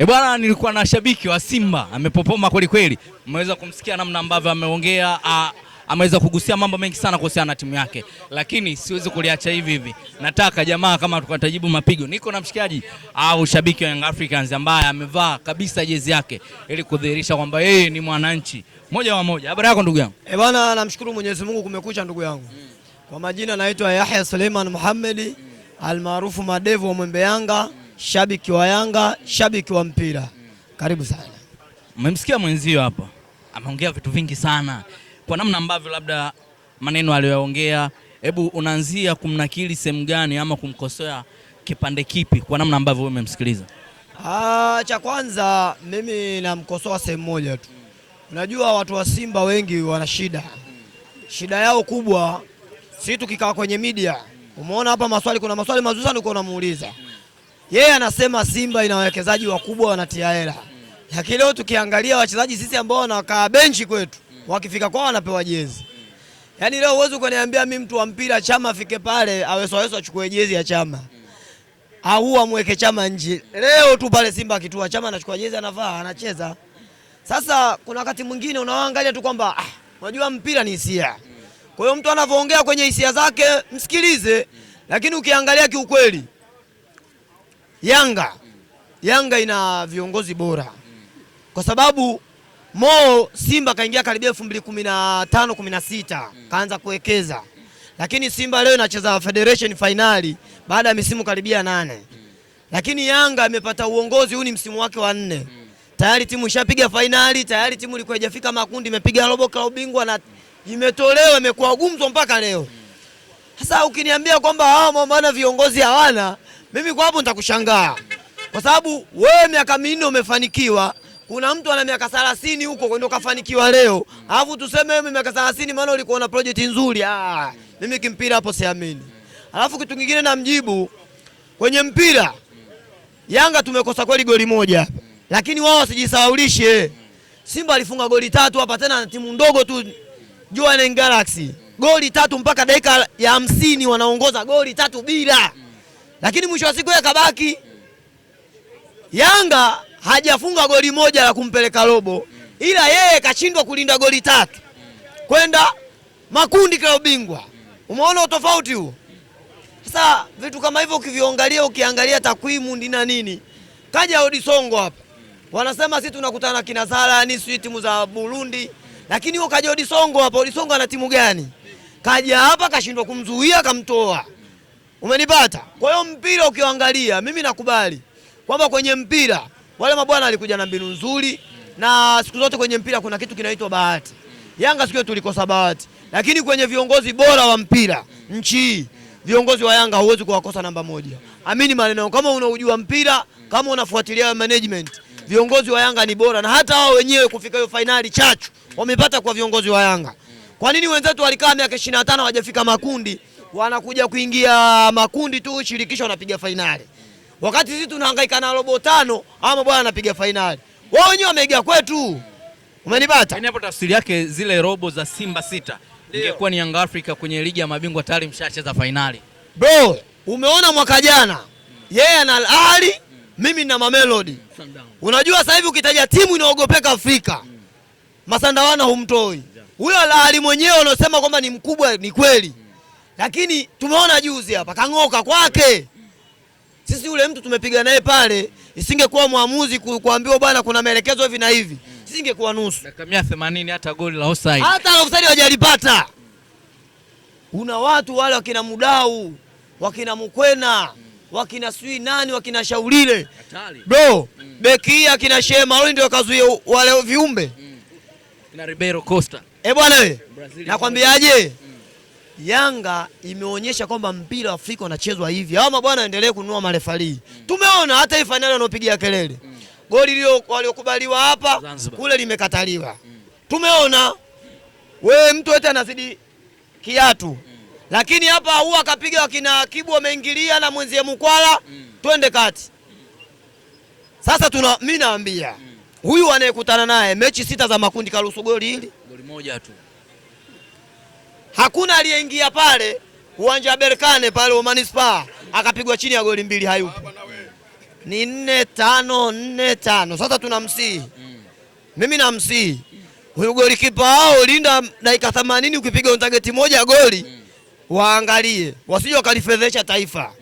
E bwana, nilikuwa na shabiki wa Simba amepopoma kweli kweli, mmeweza kumsikia namna ambavyo ameongea, ameweza kugusia mambo mengi sana kuhusiana na timu yake, lakini siwezi kuliacha hivi hivi. Nataka jamaa kama tukatajibu mapigo, niko na mshikaji au shabiki wa Young Africans ambaye amevaa kabisa jezi yake ili kudhihirisha kwamba yeye ni mwananchi moja kwa moja. Habari yako ndugu yangu? E bwana, namshukuru Mwenyezi Mungu, kumekucha ndugu yangu. Kwa majina naitwa Yahya Suleiman Muhammad almaarufu Madevu wa Mwembe Yanga shabiki wa Yanga, shabiki wa mpira. Karibu sana. Mmemsikia mwenzio hapa ameongea vitu vingi sana, kwa namna ambavyo labda maneno aliyoyaongea, hebu unaanzia kumnakili sehemu gani ama kumkosoa kipande kipi, kwa namna ambavyo wewe umemsikiliza? Ah, cha kwanza mimi namkosoa sehemu moja tu. Unajua watu wa Simba wengi wana shida, shida yao kubwa si tukikaa kwenye media. Umeona hapa maswali, kuna maswali mazuri sana uko unamuuliza yeye anasema Simba ina wawekezaji wakubwa wanatia hela, lakini leo tukiangalia wachezaji sisi ambao wanakaa benchi kwetu wakifika kwao wanapewa jezi. Yaani leo uwezi kuniambia mimi mtu wa mpira Chama afike pale aweso aweso achukue jezi ya Chama au amweke Chama nje. Leo tu pale Simba akitua Chama anachukua jezi anavaa anacheza. Sasa kuna wakati mwingine unaangalia tu kwamba ah, unajua mpira ni hisia. Kwa hiyo mtu anavyoongea kwenye hisia zake msikilize, lakini ukiangalia kiukweli Yanga, Yanga ina viongozi bora kwa sababu Mo Simba kaingia karibia elfu mbili kumi na tano kumi na sita kaanza kuwekeza, lakini Simba leo inacheza Federation finali baada ya misimu karibia nane, lakini Yanga amepata uongozi, huu ni msimu wake wa nne tayari timu ishapiga fainali tayari, timu ilikuwa haijafika makundi, imepiga robo kwa ubingwa na imetolewa, imekuwa gumzo mpaka leo. Sasa ukiniambia kwamba hawa maana viongozi hawana mimi kwa hapo nitakushangaa kwa sababu wewe miaka minne umefanikiwa, kuna mtu ana miaka 30 huko ndio kafanikiwa leo, alafu tuseme wewe miaka 30, maana ulikuwa na project nzuri. Ah, mimi kimpira hapo siamini. Alafu kitu kingine namjibu kwenye mpira, Yanga tumekosa kweli goli moja, lakini wao wasijisahaulishe. Simba alifunga goli tatu hapa tena na timu ndogo tu, Jua na Galaxy goli tatu mpaka dakika ya hamsini wanaongoza goli tatu bila lakini mwisho wa siku yakabaki Yanga hajafunga goli moja la kumpeleka robo, ila yeye kashindwa kulinda goli tatu kwenda makundi kwa ubingwa. Umeona utofauti huo? Sasa vitu kama hivyo ukiviangalia, ukiangalia takwimu ndina nini, kaja Odisongo hapa wanasema sisi tunakutana na kina Zarani, sisi timu za Burundi, lakini huo kaja Odisongo hapa. Odisongo ana timu gani? Kaja hapa kashindwa kumzuia, kamtoa. Umenipata? Kwa hiyo mpira ukiangalia, mimi nakubali kwamba kwenye mpira wale mabwana walikuja na mbinu nzuri, na siku zote kwenye mpira kuna kitu kinaitwa bahati. Yanga siku tulikosa bahati, lakini kwenye viongozi bora wa mpira nchi hii, viongozi wa Yanga huwezi kuwakosa namba moja. Amini maneno, kama unaujua mpira, kama unafuatilia management, viongozi wa Yanga ni bora, na hata wao wenyewe kufika hiyo fainali chachu wamepata kwa viongozi wa Yanga. Kwa nini wenzetu walikaa miaka 25 hawajafika makundi? wanakuja kuingia makundi tu, shirikisho wanapiga fainali, wakati sisi tunahangaika na robo tano, ama bwana anapiga fainali, wao wenyewe wameiga kwetu. Umenipata? Yaani hapo tafsiri yake zile robo za Simba sita ingekuwa ni Yanga Africa kwenye ligi ya mabingwa tayari mshacheza fainali. Bro, umeona mwaka jana yeye yeah, ana Al Ahly mimi na Mamelodi unajua sasa hivi ukitaja timu inaogopeka Afrika Masandawana humtoi huyo Al Ahly mwenyewe unaosema kwamba ni mkubwa ni kweli lakini tumeona juzi hapa kang'oka kwake. Sisi yule mtu tumepiga naye pale, isingekuwa mwamuzi kuambiwa bwana, kuna maelekezo hivi na hivi, singekuwa nusu dakika 80 hata goli la offside, hata la offside wajalipata. Kuna watu wale wakina Mudau, wakina mkwena wakina sui nani, wakina Shaulile bro mm. beki hii akina Shema ndio wakazuia wale viumbe mm. na Ribeiro Costa. Eh bwana, we nakwambiaje? mm. Yanga imeonyesha kwamba mpira wa Afrika unachezwa hivi. Hao mabwana endelee kunua marefali. Mm. Tumeona hata hii fainali wanaopigia kelele. Mm. Goli waliokubaliwa hapa Zanzibar, kule limekataliwa. Mm. Tumeona wewe mtu eti anazidi kiatu. Mm. Lakini hapa huu akapiga wakina Kibu wameingilia na mwenzie Mkwala, mm. twende kati. Sasa tuna mimi naambia, mm. huyu anayekutana naye mechi sita za makundi karuhusu goli hili. Goli moja tu. Hakuna aliyeingia pale uwanja wa Berkane pale wa Manispaa akapigwa chini ya goli mbili, hayupo. Ni nne tano nne tano. Sasa tunamsihi mm. mimi namsihi huyu kipa wao, linda dakika themanini, ukipiga tageti moja goli waangalie, wasije wakalifedhesha taifa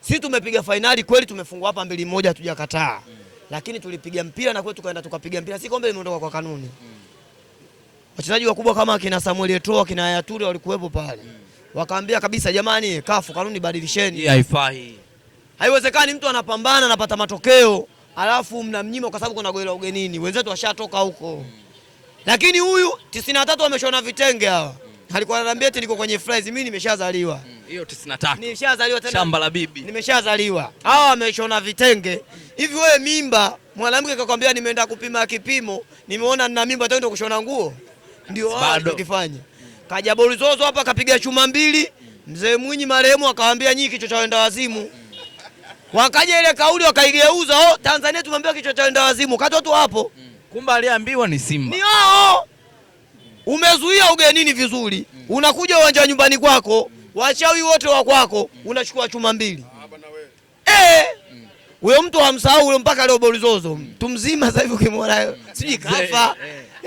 si tumepiga fainali kweli, tumefungwa hapa mbili moja, hatujakataa lakini tulipiga mpira na kwetu tukaenda tukapiga mpira, si kombe limeondoka kwa kanuni mm wachezaji wakubwa kama kina Samuel Eto'o, kina Yature walikuwepo pale mm. Wakaambia kabisa jamani, kafu kanuni badilisheni, haifai, haiwezekani mtu anapambana anapata matokeo alafu mnamnyima kwa sababu kuna goli ugenini, wenzetu washatoka huko mm. Lakini huyu 93 na ameshona vitenge hawa mm. Alikuwa ananiambia eti niko kwenye fries, mimi nimeshazaliwa hiyo mm. tisini na nimeshazaliwa tena, shamba la bibi nimeshazaliwa, hawa wameshona vitenge hivi Wewe mimba mwanamke akakwambia nimeenda kupima kipimo, nimeona nina mimba, tendo kushona nguo ndio wao kifanya kaja Bolizozo hapa kapiga chuma mbili, mzee Mwinyi marehemu akawaambia nyinyi kichwa cha wenda wazimu. Wakaja ile kauli wakaigeuza, oh, Tanzania tumwambia kichwa cha wenda wazimu. Kati watu hapo, kumbe aliambiwa ni Simba. Ni wao. Umezuia ugenini vizuri, unakuja uwanja nyumbani kwako, wachawi wote wa kwako, unachukua chuma mbili. Ah, eh, huyo mtu hamsahau ule mpaka leo Bolizozo. Mtu mzima sasa hivi ukimwona sijui kafa.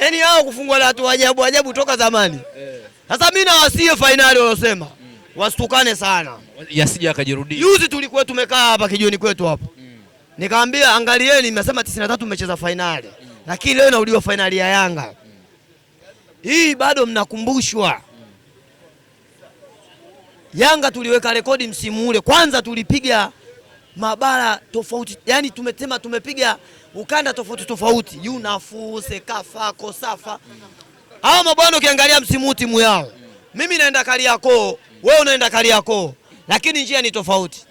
Yaani hao kufungwa na watu ajabu ajabu toka zamani. Eh. Sasa mimi na wasie fainali walosema mm. wasitukane sana. Yasija akajirudia. Juzi tulikuwa tumekaa hapa kijioni kwetu hapo. Mm. Nikaambia angalieni, nimesema 93 tumecheza fainali. Mm. Lakini leo nauliwa fainali ya Yanga. Hii bado mnakumbushwa. Yanga tuliweka rekodi msimu ule. Kwanza tulipiga mabara tofauti, yani tumesema tumepiga ukanda tofauti tofauti, Yunafu, Sekafa, Kosafa. Hawa mabwana ukiangalia msimu timu yao, mimi naenda Kariakoo, wewe unaenda Kariakoo, lakini njia ni tofauti.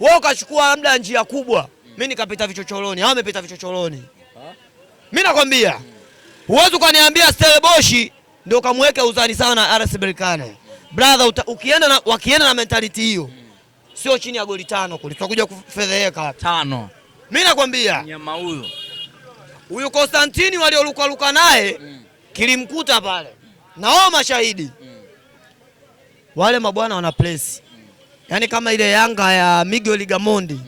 Wewe ukachukua labda njia kubwa, mimi nikapita vichochoroni, hao wamepita vichochoroni. Mimi nakwambia huwezi ukaniambia Steleboshi ndio kamweke uzani sana RS Berkane. Brother ukienda na, wakienda na mentality hiyo sio chini ya goli tano kule tutakuja kufedheheka tano. Mimi nakwambia mnyama huyo huyu Konstantini waliolukaluka naye mm. kilimkuta pale nao mashahidi mm. wale mabwana wana place mm. yaani kama ile Yanga ya Miguel Gamondi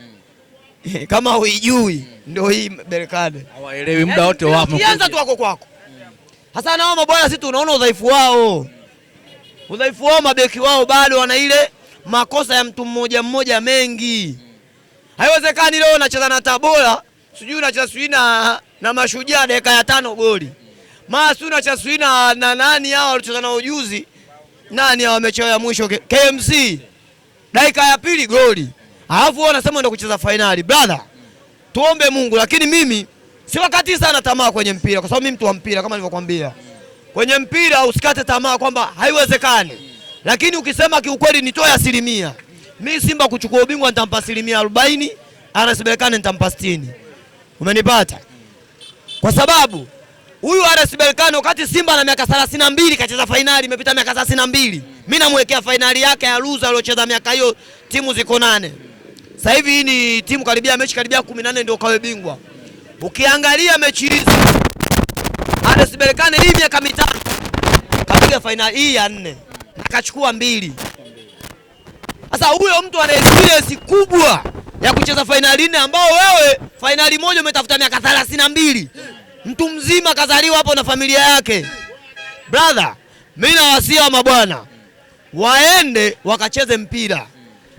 mm. kama uijui mm. ndio hii Berkane hawaelewi muda wote wapo. Kianza tu wako kwako hasa mm. nao mabwana, sisi tunaona udhaifu wao udhaifu wao, mabeki wao bado wana ile makosa ya mtu mmoja mmoja mengi Haiwezekani leo unacheza na Tabora, sijui unacheza sijui na na Mashujaa dakika ya tano goli. Maa sijui unacheza sijui na, na nani hao walicheza na ujuzi. Nani hao mechi ya mwisho KMC. Dakika ya pili goli. Alafu wao wanasema ndio kucheza finali. Brother, tuombe Mungu lakini mimi si wakati sana tamaa kwenye mpira kwa sababu mimi mtu wa mpira kama nilivyokuambia. Kwenye mpira usikate tamaa kwamba haiwezekani. Lakini ukisema kiukweli nitoe asilimia mi Simba kuchukua ubingwa nitampa asilimia arobaini, RS Berkane nitampa sitini. Umenipata? Kwa sababu huyu RS Berkane wakati Simba na miaka thelathini na mbili kacheza fainali, imepita miaka thelathini na mbili mi namwekea fainali yake ya luza aliocheza miaka hiyo, timu ziko nane. Sasa hivi hii ni timu karibia mechi karibia kumi na nne ndio kawe bingwa. Ukiangalia mechi hizi RS Berkane hii miaka mitano kapiga fainali hii ya nne na kachukua mbili. Sasa huyo mtu ana experience kubwa ya kucheza fainali nne, ambao wewe fainali moja umetafuta miaka thelathini na mbili. Mtu mzima kazaliwa hapo na familia yake. Brother, mimi nawasia wa mabwana waende wakacheze mpira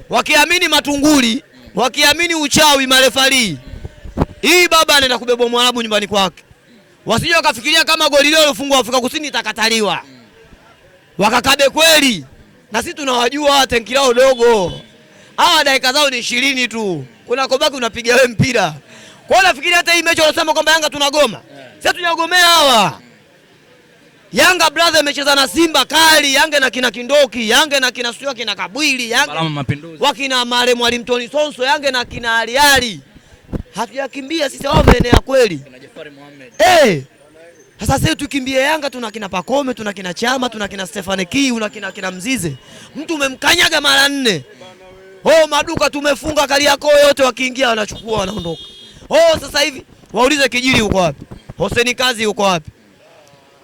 wakiamini matunguli, wakiamini uchawi, marefali. hii baba anaenda kubeba mwarabu nyumbani kwake. Wasije wakafikiria kama goli leo lilofungwa Afrika Kusini itakataliwa, wakakabe kweli na sisi tunawajua tenki lao dogo, hawa dakika zao ni ishirini tu, unakobaki unapiga wewe mpira. Kwa hiyo nafikiri hata hii mechi wanasema kwamba Yanga tunagoma, sasa tunagomea hawa Yanga brother amecheza na Simba kali, Yanga na kina Kindoki, Yanga na kina Sio kina Kabwili, Yanga Mapinduzi, wakina Mare Mwalimu Toni Sonso, Yanga na kina Aliali. Hatujakimbia sisi, wao wameenea kweli. Kina Jafari Mohamed. Eh. Hey, sasa sisi tukimbie Yanga tuna kina Pakome, tuna kina Chama, tuna kina Stefane Ki, una kina kina Mzize. Mtu umemkanyaga mara nne. Oh, maduka tumefunga kali yako yote, wakiingia wanachukua wanaondoka. Oh, sasa hivi waulize Kijili uko wapi? Hoseni Kazi uko wapi?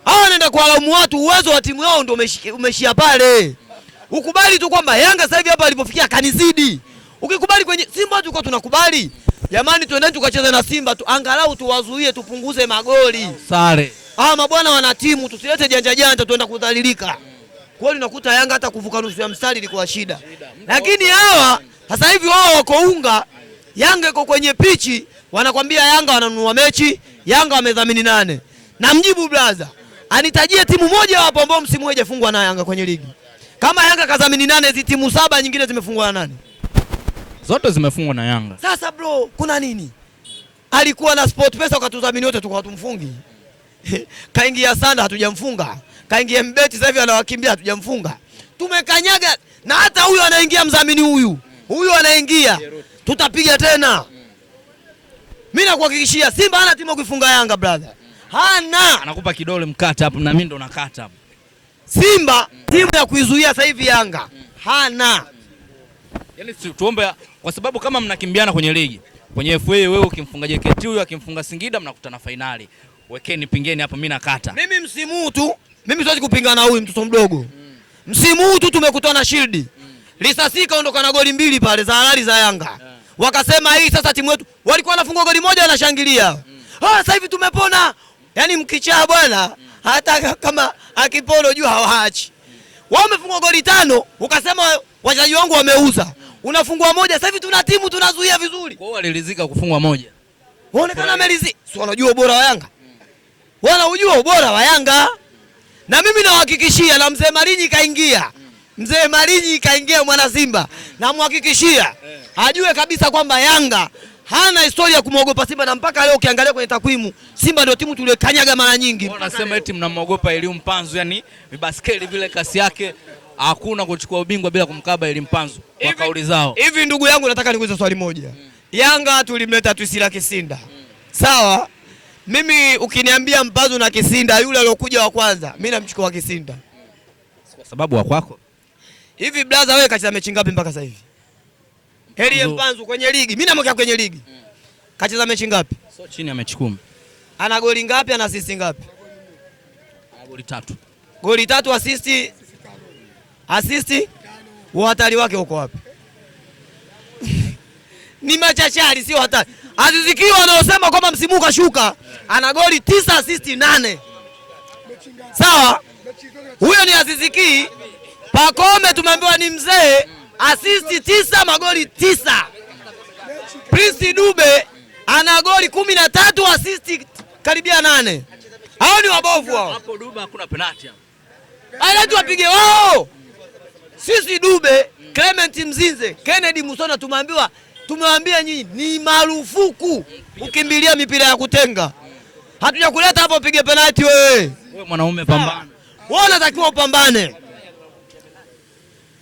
Hawa wanaenda kuwalaumu watu, uwezo wa timu yao ndio umeshia pale. Ukubali tu kwamba Yanga sasa hivi hapa alipofikia kanizidi. Ukikubali kwenye Simba tulikuwa tunakubali. Jamani, twendeni tukacheze na Simba tu, angalau tuwazuie tupunguze magoli. Sare. Ah, mabwana wana timu, tusilete janja janja tuenda kudhalilika. Kweli nakuta Yanga hata kuvuka nusu ya mstari ilikuwa shida, lakini hawa sasa hivi wao wako unga, Yanga iko kwenye pichi, wanakwambia Yanga wananunua mechi, Yanga wamedhamini nane. Na mjibu brother, anitajie timu moja hapo ambao msimu hajafungwa na Yanga kwenye ligi. Kama Yanga kadhamini nane, hizi timu saba nyingine zimefungwa na nani? Zote zimefungwa na Yanga. Sasa bro, kuna nini? Alikuwa na Sport Pesa wakatudhamini wote, tukawa tumfungi kaingia sana, hatujamfunga. Kaingia mbeti sasa hivi anawakimbia, hatujamfunga. Tumekanyaga na hata huyu anaingia mdhamini, huyu huyu anaingia, tutapiga tena. Mimi nakuhakikishia Simba hana timu kuifunga Yanga brother, hana. Anakupa kidole mkata hapo, na mimi ndo nakata hapo. Simba timu ya kuizuia sasa hivi Yanga hana. Yaani tuombe, kwa sababu kama mnakimbiana kwenye ligi kwenye FA, wewe ukimfunga JKT huyu akimfunga Singida, mnakutana fainali. Wekeni pingeni hapo, mimi nakata. Mimi msimu huu tu, mimi siwezi kupingana na huyu mtoto mdogo mm. Msimu huu tu tumekutana shield mm. Lisasi kaondoka na goli mbili pale za halali za Yanga yeah. Wakasema hii sasa timu yetu walikuwa wanafungwa goli moja wanashangilia mm. Ah, sasa hivi tumepona. Yaani mkichaa bwana mm. Hata kama akipolo juu hawaachi mm. Wao wamefungwa goli tano, ukasema wachezaji wangu wameuza mm. Unafungwa moja, sasa hivi tuna timu tunazuia vizuri. Kwa hiyo waliridhika kufungwa moja. Waonekana ameridhika. Si wanajua ubora wa Yanga wanaujua ubora wa Yanga, na mimi nawahakikishia, na mzee Malinyi kaingia, mzee Malinyi kaingia mwana Simba, namhakikishia ajue kabisa kwamba Yanga hana historia ya kumwogopa Simba, na mpaka leo ukiangalia kwenye takwimu, Simba ndio timu tuliyokanyaga mara nyingi. Wanasema eti mnamwogopa Elimu Mpanzu, yani vibaskeli vile, kasi yake hakuna kuchukua ubingwa bila kumkaba Elimu Mpanzu kwa kauli zao. Hivi ndugu yangu, nataka nikuulize swali moja. Hmm. Yanga tulimleta Twisila Kisinda, sawa mimi ukiniambia mpazo na Kisinda, yule aliyokuja wa kwanza, mimi namchukua Kisinda kwa sababu wa kwako. Hivi brother, wewe kacheza mechi ngapi mpaka sasa hivi? Heri Mpanzu kwenye ligi, mimi namwekea kwenye ligi mm. Kacheza mechi ngapi? So chini ya mechi kumi. Ana goli ngapi? Ana assist ngapi? Ana goli tatu. Goli tatu, assist assist, uhatari wake uko wapi? ni machachari, sio hatari. azizikiwa anaosema wanaosema kwamba msimu kashuka, ana goli tisa assist nane, sawa. Huyo ni aziziki Pakome tumeambiwa ni mzee, assist tisa, magoli tisa. Prince Dube ana goli kumi na tatu, assist karibia nane. Hao ni wabovu hao. Hapo Dube hakuna penalty hapo. Hailaji wapige wao. Oh! Sisi Dube, Clement Mzinze, Kennedy Musona tumeambiwa tumewaambia nyinyi ni marufuku ukimbilia mipira ya kutenga. Hatujakuleta hapo upige penalti wewe. Wewe mwanaume pambana. Wewe unatakiwa upambane.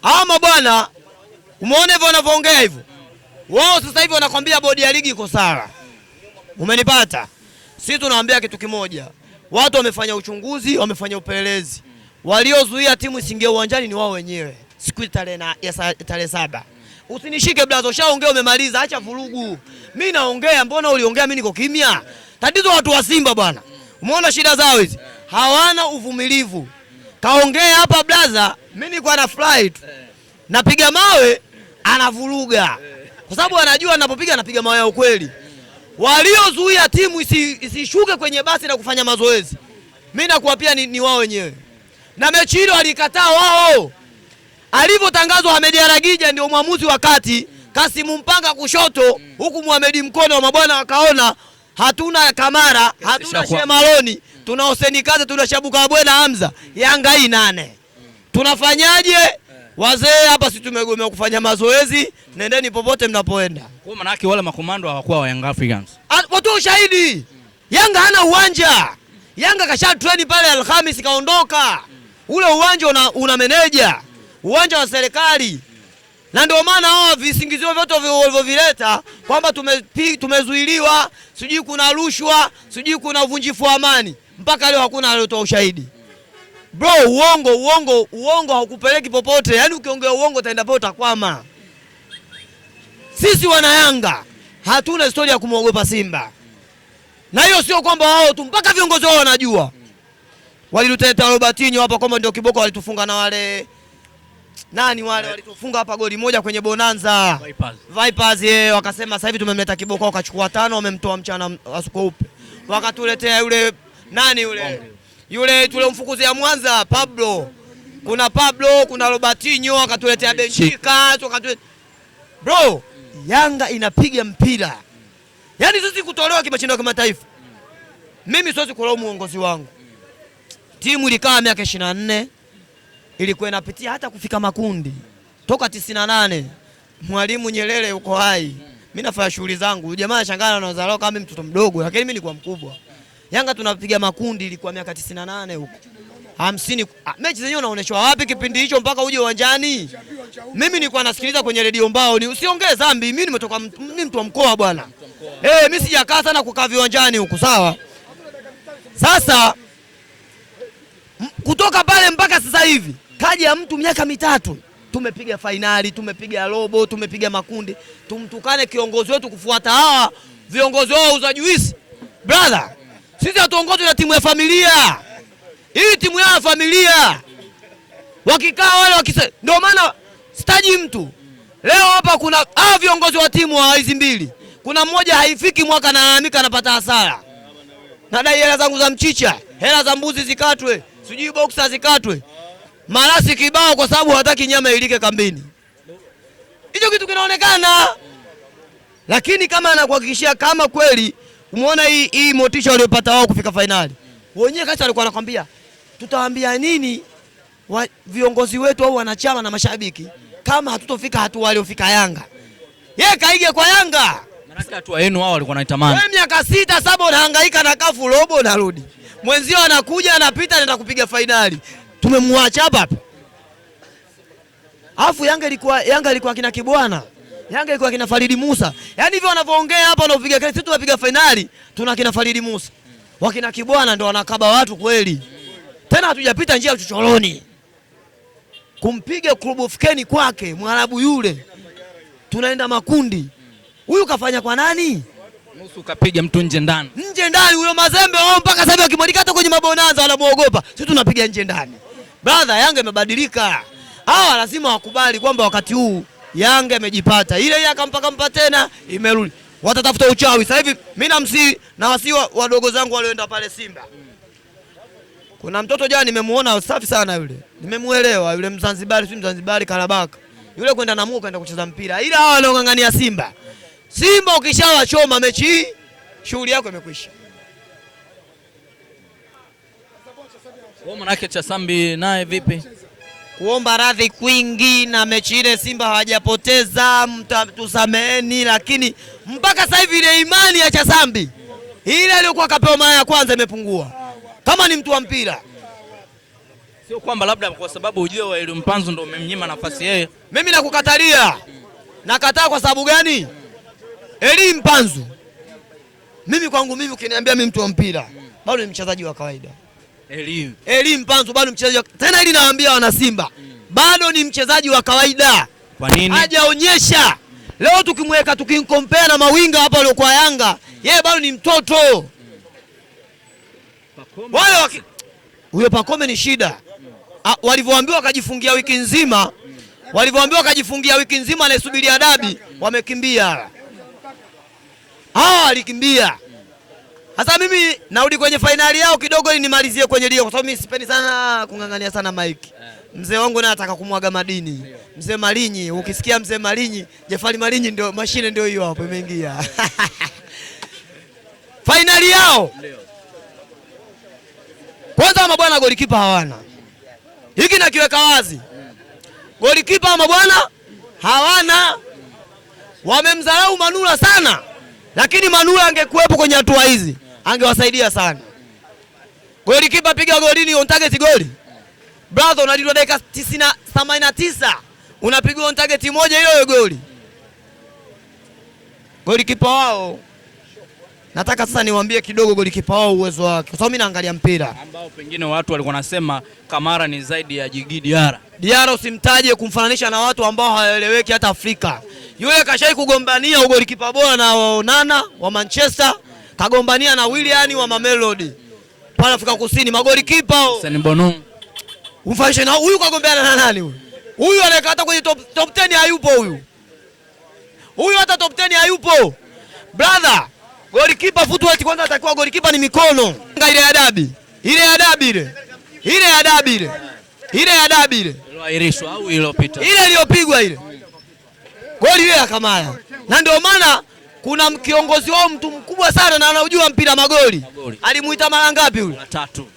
Ama bwana, umeona hivyo wanavyoongea hivyo. Wao sasa hivi wanakwambia bodi ya ligi iko sawa. Umenipata? Si tunawaambia kitu kimoja. Watu wamefanya uchunguzi, wamefanya upelelezi. Waliozuia timu isingie uwanjani ni wao wenyewe. Siku tarehe ya tarehe saba Usinishike blazo, ushaongea umemaliza, acha vurugu. Mimi naongea, mbona uliongea mimi niko kimya? Tatizo watu wa Simba bwana. Umeona shida zao hizi? Hawana uvumilivu. Kaongea hapa blaza, mimi niko na fly tu. Napiga mawe anavuruga. Kwa sababu anajua anapopiga anapiga mawe ya ukweli. Waliozuia timu isishuke kwenye basi na kufanya mazoezi. Mimi nakuwa pia ni, ni wao wenyewe. Na mechi hilo alikataa wao alivyotangazwa Ahmed Aragija ndio mwamuzi wa kati, Kasimu Mpanga kushoto, huku Muhamedi Mkono wa mabwana wakaona hatuna Kamara, hatuna Shemaloni, tuna Hoseni Kaza, tuna Shabuka Bwena Hamza, Yanga hii nane, tunafanyaje? Wazee hapa si tumegomea kufanya mazoezi, nendeni popote mnapoenda. Kwa maana yake wala makomando hawakuwa wa Young Africans. Watu ushahidi. Yanga hana uwanja. Yanga kasha train pale Alhamisi kaondoka. Ule uwanja una, una meneja uwanja wa serikali, na ndio maana hao visingizio vyote vilivyovileta kwamba tumezuiliwa, sijui kuna rushwa, sijui kuna uvunjifu wa amani, mpaka leo hakuna aliyotoa ushahidi. Bro, uongo uongo uongo haukupeleki popote. Yaani ukiongea uongo utaenda pote, utakwama. Sisi wana yanga hatuna historia ya kumwogopa Simba, na hiyo sio kwamba wao tu, mpaka viongozi wao wanajua. Walituteta Robertinho hapa kwamba ndio kiboko, walitufunga na wale nani wale yeah, walitufunga hapa goli moja kwenye Bonanza Vipers. Vipers ye, wakasema sasa hivi tumemleta kiboko, wakachukua tano, wamemtoa mchana asukoupe, wakatuletea yule nani yule yule tuliomfukuzia Mwanza Pablo, kuna Pablo, kuna Robertinho, akatuletea Benfica tukatuletea bro. Yanga inapiga mpira yaani, sisi kutolewa kimashindano ya kimataifa, mimi siwezi kulaumu uongozi wangu. Timu ilikaa miaka ishirini na nne ilikuwa inapitia hata kufika makundi toka tisini na nane. Mwalimu Nyerere uko hai, mimi nafanya shughuli zangu, jamaa anashangaa na wazalao kama mimi mtoto mdogo, lakini mimi nilikuwa mkubwa. Yanga tunapiga makundi, ilikuwa miaka tisini na nane huko hamsini. Ah, mechi zenyewe unaoneshwa wapi kipindi hicho mpaka uje uwanjani? Mimi nilikuwa nasikiliza kwenye redio mbao, ni usiongee dhambi. Mimi nimetoka mimi mtu wa mkoa bwana, eh, mimi sijakaa sana kukaa viwanjani huko, sawa. Sasa kutoka pale mpaka sasa hivi Kaji ya mtu miaka mitatu, tumepiga fainali, tumepiga robo, tumepiga makundi, tumtukane kiongozi wetu kufuata hawa viongozi wao uza juisi. Brother, sisi hatuongozwi na timu ya familia. Hii timu ya familia wakikaa wale wakise, ndio maana staji mtu leo hapa kuna hawa viongozi wa timu wa hizi mbili, kuna mmoja haifiki mwaka nalalamika anapata hasara, nadai hela zangu za mchicha, hela za mbuzi zikatwe, sijui boksa zikatwe marasi kibao, kwa sababu hataki nyama ilike kambini. Hicho kitu kinaonekana, lakini kama anakuhakikishia kama kweli umeona hii hii motisha waliopata wao kufika fainali wenyewe, kasi alikuwa anakwambia tutawaambia nini wa, viongozi wetu au wanachama na mashabiki kama hatutofika hatua waliofika Yanga. Yeye kaige kwa Yanga, maana hatua yenu wao walikuwa wanaitamani. Wewe miaka sita saba unahangaika na kafu robo, narudi mwenzio anakuja anapita, anaenda kupiga fainali tumemwacha hapa hapa. Alafu Yanga ilikuwa Yanga ilikuwa kina Kibwana. Yanga ilikuwa kina Faridi Musa. Yaani hivyo wanavyoongea hapa na upiga kelele, sisi tunapiga finali, tuna kina Faridi Musa. Wakina Kibwana ndio wanakaba watu kweli. Tena hatujapita njia ya uchochoroni. Kumpiga klubu fukeni kwake Mwarabu yule. Tunaenda makundi. Huyu kafanya kwa nani? Nusu kapiga mtu nje ndani. Nje ndani huyo Mazembe wao oh, mpaka sasa hivi wakimwandika hata kwenye mabonanza wanamuogopa. Sisi tunapiga nje ndani. Brother, Yanga imebadilika. Hawa lazima wakubali kwamba wakati huu Yanga imejipata ile ile, akampakampa tena imerudi, watatafuta uchawi sasa hivi. Mimi namsi na wasi wadogo zangu walioenda pale Simba, kuna mtoto jana nimemuona safi sana yule, nimemuelewa yule Mzanzibari, si Mzanzibari, Karabaka yule, kwenda na muko kwenda kucheza mpira, ila hawa wanaong'ang'ania Simba. Simba ukishawachoma mechi hii, shughuli yako imekwisha. Kwa manake cha Sambi naye vipi? Kuomba radhi kwingi na mechi ile Simba hawajapoteza, mtatusameheni lakini mpaka sasa hivi ile imani ya Chasambi ile aliyokuwa kapewa mara ya kwanza imepungua, kama ni mtu wa mpira. Sio kwamba labda kwa sababu ujio wa Elim Panzu ndio umemnyima nafasi yeye. Mimi nakukatalia, nakataa. Kwa sababu gani? Elim Panzu mimi kwangu, mimi ukiniambia mimi mtu wa mpira, bado ni mchezaji wa kawaida. Elimu. Elimu Panzu bado mchezaji tena, ili nawaambia wana Simba mm. bado ni mchezaji wa kawaida. Kwa nini? Hajaonyesha mm. leo tukimweka tukimkompea na mawinga hapa waliokuwa Yanga mm. yeye bado ni mtoto mm. wale waki... huyo Pakome ni shida mm. walivyoambiwa wakajifungia wiki nzima mm. walivyoambiwa wakajifungia wiki nzima, anayesubiria dabi mm. wamekimbia hawa, walikimbia sasa mimi narudi kwenye fainali yao kidogo ili nimalizie kwenye lio kwa sababu mimi sipendi sana kung'ang'ania sana mike. Mzee wangu naye ataka kumwaga madini. Mzee Malinyi, ukisikia mzee Malinyi, Jafari Malinyi ndio mashine ndio hiyo hapo imeingia. Fainali yao. Kwanza mabwana golikipa hawana. Hiki nakiweka wazi. Golikipa mabwana hawana. Wamemdharau Manula sana. Lakini Manula angekuwepo kwenye hatua hizi angewasaidia sana. Golikipa piga goli ni on target goli. Brother unalindwa dakika 90 89 unapigwa on target moja hiyo hiyo goli. Goli kipa wao nataka sasa niwaambie kidogo goli kipa wao uwezo wake, Sasa sababu mimi naangalia mpira ambao pengine watu walikuwa nasema Kamara ni zaidi ya Jigi Diara. Diara usimtaje kumfananisha na watu ambao hawaeleweki hata Afrika. Yule kashai kugombania ugoli kipa bora na waonana wa Manchester kagombania na Willian wa Mamelodi pale Afrika Kusini, magoli kipa Bonu mfanishe na huyu kagombeana na nani huyu? Huyu anayekata kwenye top, top 10 hayupo huyu. Huyu hata top 10 hayupo. Brother, golikipa footwork kwanza atakiwa golikipa ni mikono. Anga Ile ya dabi. Ile ya dabi ile. Ile ya dabi ile. Ile ya dabi ile. Iliyoahirishwa au iliyopita? Ile iliyopigwa ile. Goli ile ya Kamara. Na ndio maana kuna kiongozi wao mtu mkubwa sana na anaujua mpira magoli, magoli. Alimuita mara ngapi yule? Tatu.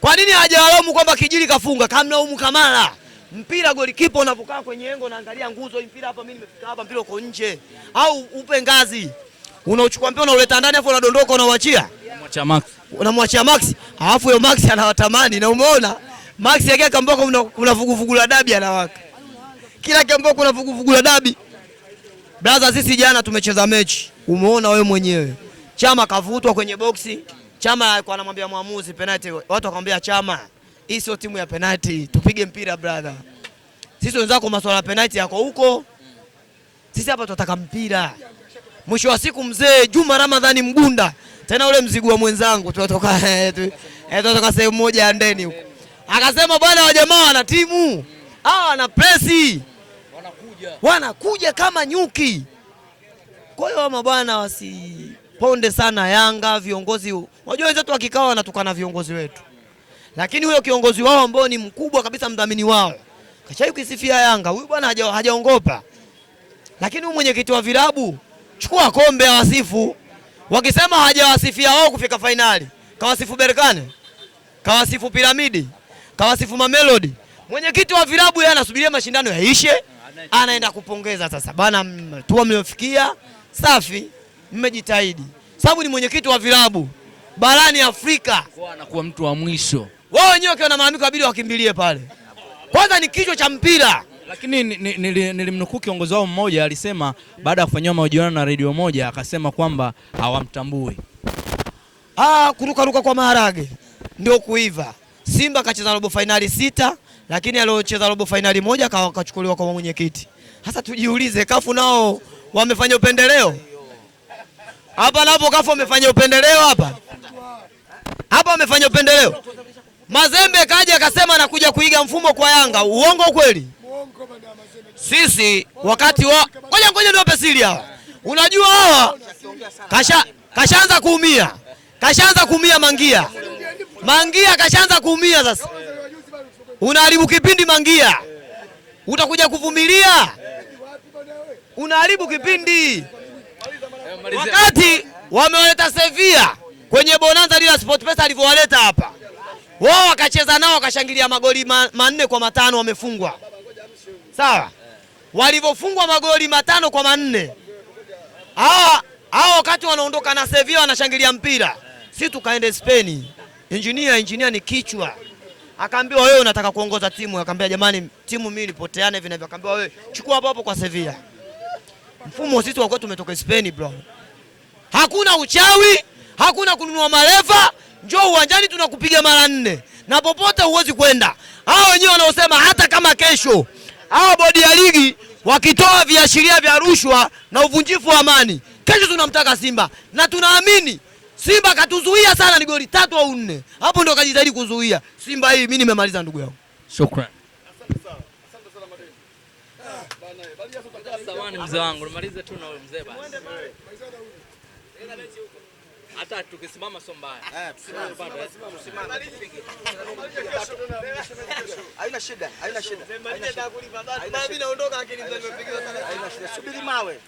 Kwa nini hajalaumu kwamba kijili kafunga? Kamlaumu Kamara. Mpira goli kipo unapokaa kwenye engo naangalia nguzo mpira hapa mimi nimefika hapa mpira uko nje. Au upe ngazi. Unaochukua mpira unauleta ndani afu unadondoka unauachia. Unamwachia Max. Unamwachia Max. Alafu yo Max anawatamani na umeona? Max yake akamboka kuna vuguvugu la dabi anawaka. Kila kiamboka kuna vuguvugu la dabi. Brother, sisi jana tumecheza mechi, umeona wewe mwenyewe. Chama kavutwa kwenye boksi, Chama alikuwa anamwambia mwamuzi penalty. Watu wakamwambia Chama, hii sio timu ya penalty, tupige mpira brother. Sisi wenzako masuala ya penalty yako huko, sisi hapa tunataka mpira. Mwisho wa siku, mzee Juma Ramadhani Mgunda, tena ule mzigo wa mwenzangu, tunatoka eh, eh, tunatoka sehemu moja ya ndeni huko, akasema bwana, wa jamaa wana timu hawa wana presi wanakuja kama nyuki. Kwa hiyo mabwana wasiponde sana Yanga viongozi. Unajua wenzetu wakikaa wanatukana viongozi wetu, lakini huyo kiongozi wao ambao ni mkubwa kabisa, mdhamini wao kashai kuisifia Yanga, huyu bwana haja, hajaongopa. Lakini huyu mwenyekiti wa vilabu chukua kombe awasifu, wakisema hajawasifia wao kufika fainali, kawasifu Berkane, kawasifu Piramidi, kawasifu Mamelodi. Mwenyekiti wa vilabu yeye anasubiria mashindano yaishe anaenda kupongeza sasa, bana, tu mliofikia safi, mmejitahidi, sababu ni mwenyekiti wa vilabu barani Afrika, anakuwa mtu wa mwisho. Wao wenyewe wakiwa na malalamiko abidi wakimbilie pale, kwanza ni kichwa cha mpira lakini nilimnukuu kiongozi wao mmoja alisema baada ya kufanyiwa mahojiano na redio moja akasema kwamba hawamtambui. Ah, kurukaruka kwa maharage ndio kuiva. Simba kacheza robo fainali sita, lakini aliocheza robo fainali moja akachukuliwa kwa mwenyekiti. Sasa tujiulize, kafu nao wamefanya upendeleo hapa? Napo kafu wamefanya upendeleo hapa hapa, wamefanya upendeleo. Mazembe kaja akasema anakuja kuiga mfumo kwa Yanga, uongo kweli? Sisi wakati wa ngoja ngoja, niwape siri hawa. Unajua hawa kasha kashaanza kuumia, kashaanza kuumia mangia mangia, kashaanza kuumia sasa unaharibu kipindi mangia, utakuja kuvumilia, unaharibu kipindi. Wakati wamewaleta Sevilla kwenye bonanza lile la SportPesa alivyowaleta hapa, wao wakacheza nao wakashangilia magoli manne kwa matano wamefungwa, sawa walivyofungwa magoli matano kwa manne hawa hawa, wakati wanaondoka na Sevilla wanashangilia mpira, si tukaende Spain. Engineer engineer ni kichwa akaambiwa wewe unataka kuongoza timu, akaambia jamani, timu mimi nipoteane hivi na hivi, akaambiwa wewe chukua hapo hapo kwa Sevilla. Mfumo sisi wako tumetoka Spain bro, hakuna uchawi, hakuna kununua marefa, njoo uwanjani tunakupiga mara nne na popote huwezi kwenda. Hao wenyewe wanaosema hata kama kesho hao bodi ya ligi wakitoa viashiria vya rushwa na uvunjifu wa amani, kesho tunamtaka Simba na tunaamini Simba katuzuia sana, ni goli tatu au nne hapo, ndo kajitahidi kuzuia Simba hii. Mimi nimemaliza ndugu yangu, shukran. Mzee wangu tu na mzee basi. Hata tukisimama sio mbaya. Eh, haina shida, haina shida. Mimi naondoka sana. Haina shida. Subiri mawe.